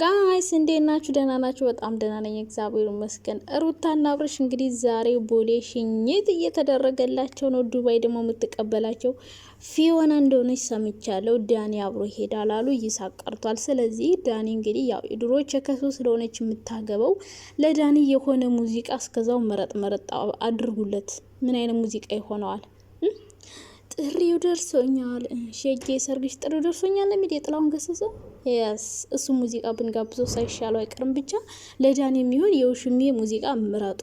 ጋይስ እንዴት ናችሁ? ደህና ናችሁ? በጣም ደህና ነኝ፣ እግዚአብሔር ይመስገን። ሩታና አብርሽ እንግዲህ ዛሬ ቦሌ ሽኝት እየተደረገላቸው ነው። ዱባይ ደግሞ የምትቀበላቸው ፊዮና እንደሆነች ሰምቻለሁ። ዳኒ አብሮ ይሄዳል አሉ፣ ይሳቅ ቀርቷል። ስለዚህ ዳኒ እንግዲህ ያው የድሮ ቸከሱ ስለሆነች የምታገበው ለዳኒ የሆነ ሙዚቃ እስከዛው መረጥ መረጥ አድርጉለት። ምን አይነት ሙዚቃ ይሆነዋል? ጥሪው ደርሶኛል ሸጌ ሰርግሽ ጥሪው ደርሶኛል የሚል የጥላውን ገሰሰ ያስ እሱ ሙዚቃ ብንጋብዞ ሳይሻለው አይቀርም። ብቻ ለዳን የሚሆን የውሽሜ ሙዚቃ ምረጡ።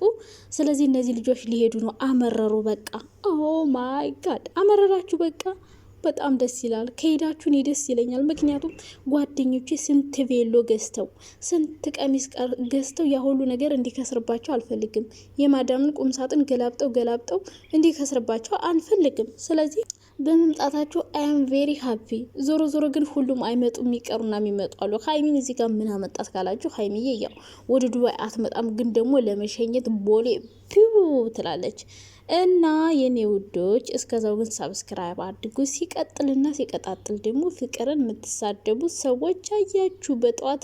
ስለዚህ እነዚህ ልጆች ሊሄዱ ነው። አመረሩ። በቃ ኦ ማይ ጋድ አመረራችሁ። በቃ በጣም ደስ ይላል። ከሄዳችሁ እኔ ደስ ይለኛል። ምክንያቱም ጓደኞቼ ስንት ቬሎ ገዝተው ስንት ቀሚስ ገዝተው ያሁሉ ነገር እንዲከስርባቸው አልፈልግም። የማዳምን ቁምሳጥን ገላብጠው ገላብጠው እንዲከስርባቸው አልፈልግም ስለዚህ በመምጣታቸው አም ቬሪ ሀፒ። ዞሮ ዞሮ ግን ሁሉም አይመጡም፣ የሚቀሩና የሚመጡ አሉ። ሀይሚን እዚህ ጋር ምን አመጣት ካላችሁ ሀይሚዬ ያው ወደ ዱባይ አትመጣም፣ ግን ደግሞ ለመሸኘት ቦሌ ፒው ትላለች። እና የኔ ውዶች እስከዛው ግን ሳብስክራይብ አድርጉ። ሲቀጥልና ሲቀጣጥል ደግሞ ፍቅርን የምትሳደቡት ሰዎች አያችሁ። በጠዋት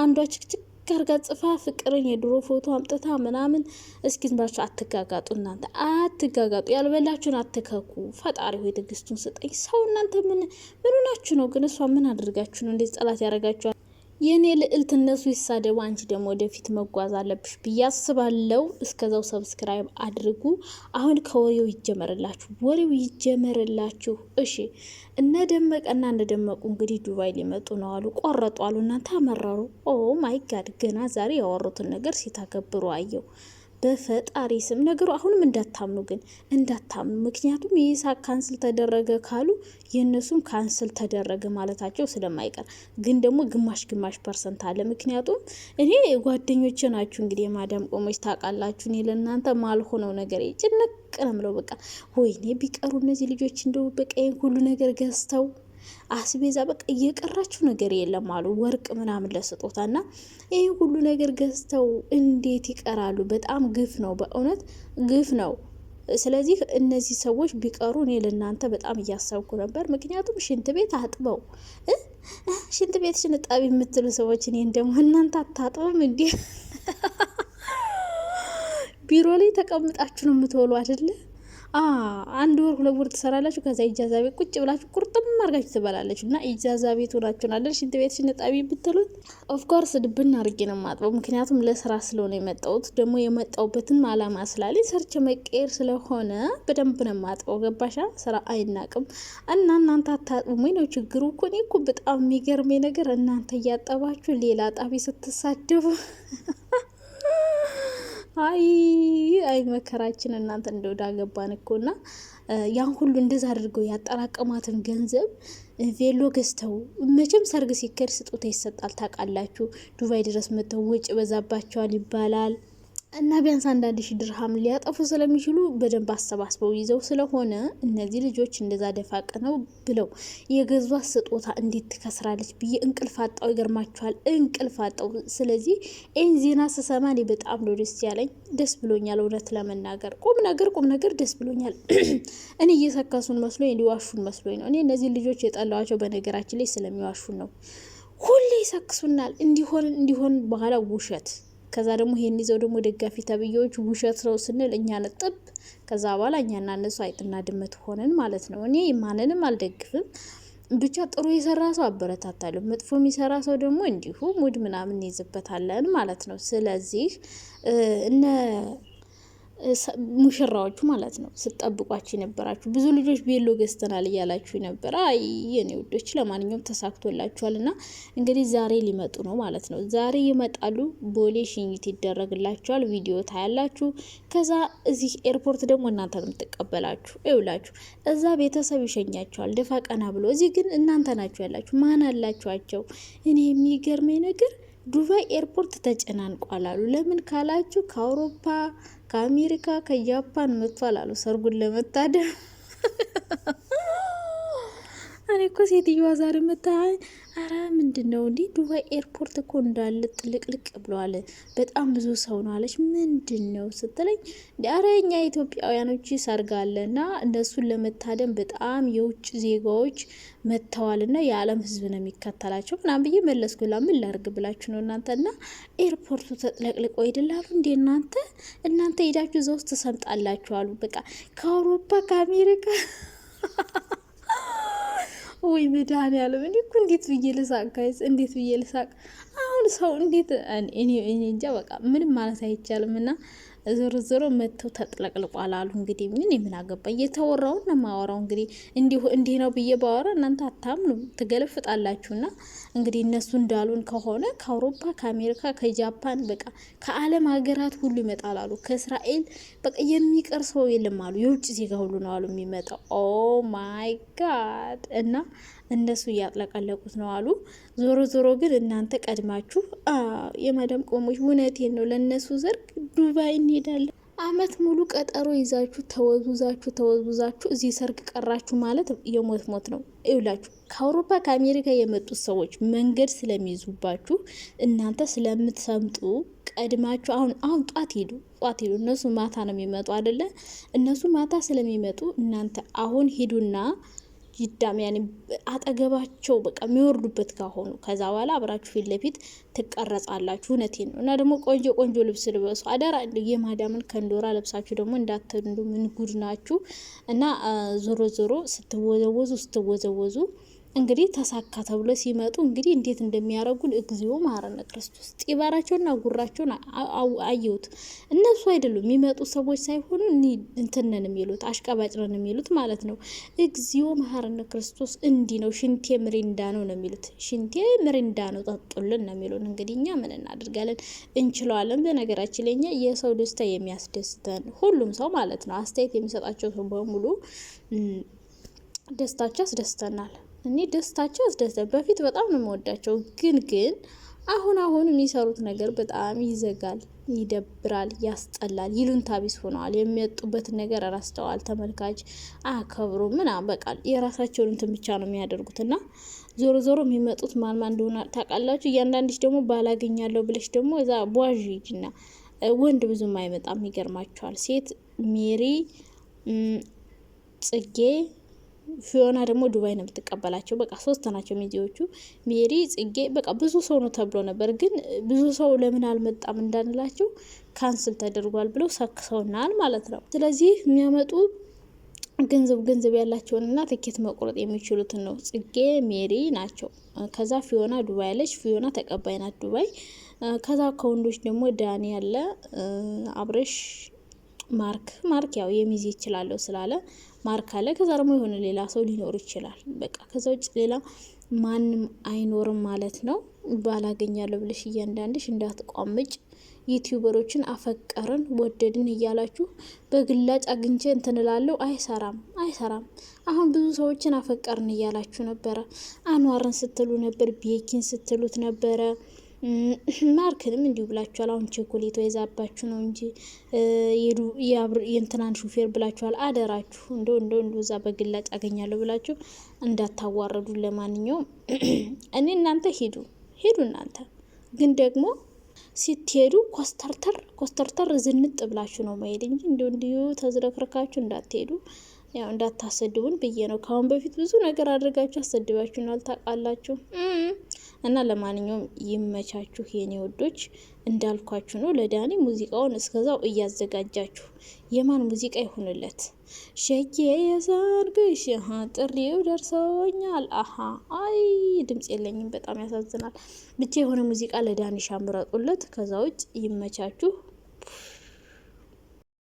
አንዷ ችክችክ አርጋ ጽፋ ፍቅርን የድሮ ፎቶ አምጥታ ምናምን። እስኪ አትጋጋጡ፣ እናንተ አትጋጋጡ፣ ያልበላችሁን አትከኩ። ፈጣሪ ሆይ ትዕግስቱን ስጠኝ። ሰው እናንተ ምን ምኑ ናችሁ ነው? ግን እሷ ምን አድርጋችሁ ነው እንዴት ጸላት ያደረጋችኋል? የእኔ ልዕልት እነሱ ይሳደቡ፣ አንቺ ደግሞ ወደፊት መጓዝ አለብሽ ብዬ አስባለው እስከዛው ሰብስክራይብ አድርጉ። አሁን ከወሬው ይጀመርላችሁ፣ ወሬው ይጀመርላችሁ። እሺ እነ ደመቀና እንደ ደመቁ እንግዲህ ዱባይ ሊመጡ ነው አሉ፣ ቆረጡ አሉ። እናንተ አመራሩ። ኦ ማይ ጋድ! ገና ዛሬ ያወሩትን ነገር ሲታከብሩ አየው። በፈጣሪ ስም ነገሩ አሁንም እንዳታምኑ ግን እንዳታምኑ። ምክንያቱም የይስሐቅ ካንስል ተደረገ ካሉ የእነሱም ካንስል ተደረገ ማለታቸው ስለማይቀር ግን ደግሞ ግማሽ ግማሽ ፐርሰንት አለ። ምክንያቱም እኔ ጓደኞቼ ናችሁ እንግዲህ የማዳም ቆሞች ታውቃላችሁ። እኔ ለእናንተ ማልሆነው ነገር ጭንቅ ነው በቃ ወይኔ ቢቀሩ እነዚህ ልጆች እንደው በቃ ሁሉ ነገር ገዝተው አስቤዛ በቃ እየቀራችሁ ነገር የለም አሉ። ወርቅ ምናምን ለስጦታ እና ይህ ሁሉ ነገር ገዝተው እንዴት ይቀራሉ? በጣም ግፍ ነው፣ በእውነት ግፍ ነው። ስለዚህ እነዚህ ሰዎች ቢቀሩ እኔ ለእናንተ በጣም እያሰብኩ ነበር። ምክንያቱም ሽንት ቤት አጥበው ሽንት ቤት ሽንጣቢ የምትሉ ሰዎች እኔን ደግሞ እናንተ አታጥበም እንዲህ ቢሮ ላይ ተቀምጣችሁ ነው የምትወሉ አይደለም? አንድ ወር ሁለት ወር ትሰራላችሁ። ከዛ ኢጃዛ ቤት ቁጭ ብላችሁ ቁርጥም አርጋችሁ ትበላላችሁ። እና ኢጃዛ ቤት ሆናችሁን አይደል ሽንት ቤት ሽንጣቢ ብትሉት ኦፍኮርስ ድብን አርጌ ነው ማጥበው። ምክንያቱም ለስራ ስለሆነ የመጣሁት ደግሞ የመጣሁበትን አላማ ስላለኝ ሰርቼ መቀየር ስለሆነ በደንብ ነው ማጥበው። ገባሻ? ስራ አይናቅም እና እናንተ አታጥቡም ነው ችግሩ። እኮ እኔ እኮ በጣም የሚገርመኝ ነገር እናንተ እያጠባችሁ ሌላ ጣቢ ስትሳደቡ አይ አይ መከራችን እናንተ እንደው ዳገባን አገባን እኮና ያን ሁሉ እንደዛ አድርገው ያጠራቀማትን ገንዘብ ቬሎ ገዝተው መቼም ሰርግ ሲከድ ስጦታ ይሰጣል ታውቃላችሁ። ዱባይ ድረስ መጥተው ወጪ በዛባቸዋል ይባላል። እና ቢያንስ አንዳንድ ሺ ድርሃም ሊያጠፉ ስለሚችሉ በደንብ አሰባስበው ይዘው ስለሆነ እነዚህ ልጆች እንደዛ ደፋቅ ነው ብለው የገዟ ስጦታ እንዴት ትከስራለች ብዬ እንቅልፍ አጣው። ይገርማችኋል፣ እንቅልፍ አጣው። ስለዚህ ይህን ዜና ስሰማ እኔ በጣም ነው ደስ ያለኝ፣ ደስ ብሎኛል። እውነት ለመናገር ቁም ነገር ቁም ነገር ደስ ብሎኛል። እኔ እየሰከሱን መስሎኝ እንዲዋሹን መስሎኝ ነው። እኔ እነዚህ ልጆች የጠላዋቸው በነገራችን ላይ ስለሚዋሹን ነው። ሁሌ ይሰክሱናል፣ እንዲሆን እንዲሆን በኋላ ውሸት ከዛ ደግሞ ይሄን ይዘው ደግሞ ደጋፊ ተብዬዎች ውሸት ነው ስንል እኛ ለጥብ ከዛ በኋላ እኛና እነሱ አይጥና ድመት ሆነን ማለት ነው። እኔ ማንንም አልደግፍም። ብቻ ጥሩ የሰራ ሰው አበረታታለሁ፣ መጥፎ የሚሰራ ሰው ደግሞ እንዲሁ ሙድ ምናምን ይዝበታለን ማለት ነው። ስለዚህ እነ ሙሽራዎቹ ማለት ነው ስጠብቋችሁ የነበራችሁ ብዙ ልጆች ቤሎ ገዝተናል እያላችሁ ነበረ። አይ የኔ ውዶች፣ ለማንኛውም ተሳክቶላችኋል እና እንግዲህ ዛሬ ሊመጡ ነው ማለት ነው። ዛሬ ይመጣሉ። ቦሌ ሽኝት ይደረግላችኋል። ቪዲዮ ታያላችሁ። ከዛ እዚህ ኤርፖርት ደግሞ እናንተ ነው የምትቀበላችሁ። ይውላችሁ እዛ ቤተሰብ ይሸኛቸዋል ደፋ ቀና ብሎ፣ እዚህ ግን እናንተ ናችሁ ያላችሁ። ማን አላችኋቸው? እኔ የሚገርመኝ ነገር ዱባይ ኤርፖርት ተጨናንቋል አሉ። ለምን ካላችሁ ከአውሮፓ ከአሜሪካ ከጃፓን መጥቷል አሉ ሰርጉን ለመታደም ዛሬ እኮ ሴትዮዋ ዛሬ መታ። አረ ምንድን ነው እንዲህ ዱባይ ኤርፖርት እኮ እንዳለ ጥልቅልቅ ብለዋል፣ በጣም ብዙ ሰው ነው አለች። ምንድን ነው ስትለኝ አረ እኛ ኢትዮጵያውያኖች ሰርጋለ እና እነሱን ለመታደም በጣም የውጭ ዜጋዎች መጥተዋል ና የዓለም ህዝብ ነው የሚከተላቸው ምናም ብዬ መለስኩላ። ምን ላርግ ብላችሁ ነው እናንተ ና ኤርፖርቱ ተጥለቅልቆ ይደላሉ እንዴ እናንተ እናንተ ሄዳችሁ እዛ ውስጥ በቃ ከአውሮፓ ከአሜሪካ ወይ መድኃኒዓለም እኔ እኮ እንዴት ብዬ ልሳቅ ጋይዝ፣ እንዴት ብዬ ልሳቅ አሁን ሰው እንዴት እኔ እንጃ። በቃ ምንም ማለት አይቻልም እና ዝርዝሩ ዞሮ መጥተው ተጥለቅልቋል አሉ። እንግዲህ ምን የምን አገባኝ የተወራውን ለማወራው እንግዲህ እንዲሁ እንዲህ ነው ብዬ ባወራ እናንተ አታምኑ ትገለፍጣላችሁ። ና እንግዲህ እነሱ እንዳሉን ከሆነ ከአውሮፓ፣ ከአሜሪካ፣ ከጃፓን በቃ ከዓለም ሀገራት ሁሉ ይመጣል አሉ። ከእስራኤል በቃ የሚቀር ሰው የለም አሉ። የውጭ ዜጋ ሁሉ ነው አሉ የሚመጣው። ኦ ማይ ጋድ እና እንደሱ እያጥለቀለቁት ነው አሉ። ዞሮ ዞሮ ግን እናንተ ቀድማችሁ የማዳም ቆሞች፣ እውነቴን ነው ለእነሱ ዘርግ ዱባይ እንሄዳለን አመት ሙሉ ቀጠሮ ይዛችሁ ተወዙዛችሁ ተወዙዛችሁ እዚህ ሰርግ ቀራችሁ ማለት የሞት ሞት ነው። ይውላችሁ ከአውሮፓ ከአሜሪካ የመጡት ሰዎች መንገድ ስለሚይዙባችሁ እናንተ ስለምትሰምጡ ቀድማችሁ አሁን አሁን ጧት ሄዱ ጧት ሄዱ። እነሱ ማታ ነው የሚመጡ አይደለ? እነሱ ማታ ስለሚመጡ እናንተ አሁን ሂዱና ይዳም ያኔ አጠገባቸው በቃ የሚወርዱበት ካሆኑ ከዛ በኋላ አብራችሁ ፊት ለፊት ትቀረጻላችሁ። እውነቴን ነው። እና ደግሞ ቆንጆ ቆንጆ ልብስ ልበሱ አደራ። የማዳምን ከንዶራ ለብሳችሁ ደግሞ እንዳትንዱ። ምን ጉድ ናችሁ! እና ዞሮ ዞሮ ስትወዘወዙ ስትወዘወዙ እንግዲህ ተሳካ ተብሎ ሲመጡ እንግዲህ እንዴት እንደሚያደርጉን እግዚኦ መሐረነ ክርስቶስ። ጢባራቸውና ጉራቸውን አየሁት። እነሱ አይደሉም የሚመጡ ሰዎች ሳይሆኑ እንትነን የሚሉት አሽቃባጭ የሚሉት ማለት ነው። እግዚኦ መሐረነ ክርስቶስ። እንዲህ ነው ሽንቴ ምሪንዳ ነው ነው የሚሉት ሽንቴ ምሪንዳ ነው ጠጡልን ነው የሚሉን። እንግዲህ እኛ ምን እናደርጋለን? እንችለዋለን። በነገራችን ላይ እኛ የሰው ደስታ የሚያስደስተን ሁሉም ሰው ማለት ነው አስተያየት የሚሰጣቸው ሰው በሙሉ ደስታቸው ያስደስተናል። እኔ ደስታቸው ያስደስታል። በፊት በጣም ነው የምወዳቸው፣ ግን ግን አሁን አሁን የሚሰሩት ነገር በጣም ይዘጋል፣ ይደብራል፣ ያስጠላል። ይሉንታቢስ ቢስ ሆነዋል። የሚወጡበትን ነገር ረስተዋል። ተመልካች አከብሩ ምናምን በቃል የራሳቸውን እንትን ብቻ ነው የሚያደርጉት እና ዞሮ ዞሮ የሚመጡት ማን ማን እንደሆነ ታውቃላችሁ። እያንዳንድሽ ደግሞ ባላገኛለሁ ብለሽ ደግሞ እዛ ቧዥ ሂጂና ወንድ ብዙም አይመጣም። ይገርማቸዋል። ሴት ሜሪ ጽጌ ፊዮና ደግሞ ዱባይ ነው የምትቀበላቸው። በቃ ሶስት ናቸው ሚዜዎቹ፣ ሜሪ፣ ጽጌ። በቃ ብዙ ሰው ነው ተብሎ ነበር፣ ግን ብዙ ሰው ለምን አልመጣም እንዳንላቸው ካንስል ተደርጓል ብለው ሰክሰውናል ማለት ነው። ስለዚህ የሚያመጡ ገንዘብ ገንዘብ ያላቸውንና ትኬት መቁረጥ የሚችሉትን ነው። ጽጌ ሜሪ ናቸው። ከዛ ፊዮና ዱባይ አለች። ፊዮና ተቀባይ ናት ዱባይ። ከዛ ከወንዶች ደግሞ ዳኒ ያለ አብረሽ ማርክ ማርክ ያው የሚዜ ይችላለሁ ስላለ ማርክ አለ። ከዛ ደግሞ የሆነ ሌላ ሰው ሊኖር ይችላል። በቃ ከዛ ውጭ ሌላ ማንም አይኖርም ማለት ነው። ባላገኛለሁ ብለሽ እያንዳንድሽ እንዳትቋምጭ። ዩቲዩበሮችን አፈቀርን ወደድን እያላችሁ በግላጭ አግኝቼ እንትንላለሁ። አይሰራም አይሰራም። አሁን ብዙ ሰዎችን አፈቀርን እያላችሁ ነበረ። አኗርን ስትሉ ነበር፣ ቤኪን ስትሉት ነበረ ማርክንም እንዲሁ ብላችኋል። አሁን ቸኮሌት የዛባችሁ ነው እንጂ የእንትናን ሹፌር ብላችኋል። አደራችሁ እንደ እንደ እንደ እዛ በግላጭ አገኛለሁ ብላችሁ እንዳታዋረዱ። ለማንኛውም እኔ እናንተ ሂዱ ሂዱ እናንተ ግን ደግሞ ስትሄዱ ኮስተርተር ኮስተርተር ዝንጥ ብላችሁ ነው መሄድ እንጂ እንዲሁ እንዲሁ ተዝረክርካችሁ እንዳትሄዱ፣ ያው እንዳታሰድቡን ብዬ ነው። ከአሁን በፊት ብዙ ነገር አድርጋችሁ አሰድባችሁናል፣ ታውቃላችሁ። እና ለማንኛውም ይመቻችሁ የኔ ወዶች፣ እንዳልኳችሁ ነው። ለዳኒ ሙዚቃውን እስከዛው እያዘጋጃችሁ የማን ሙዚቃ ይሆንለት? ሸጌ የሰርግሽ ጥሪው ደርሰውኛል። አሀ አይ ድምጽ የለኝም፣ በጣም ያሳዝናል። ብቻ የሆነ ሙዚቃ ለዳኒ ሻምረጡለት። ከዛ ውጭ ይመቻችሁ።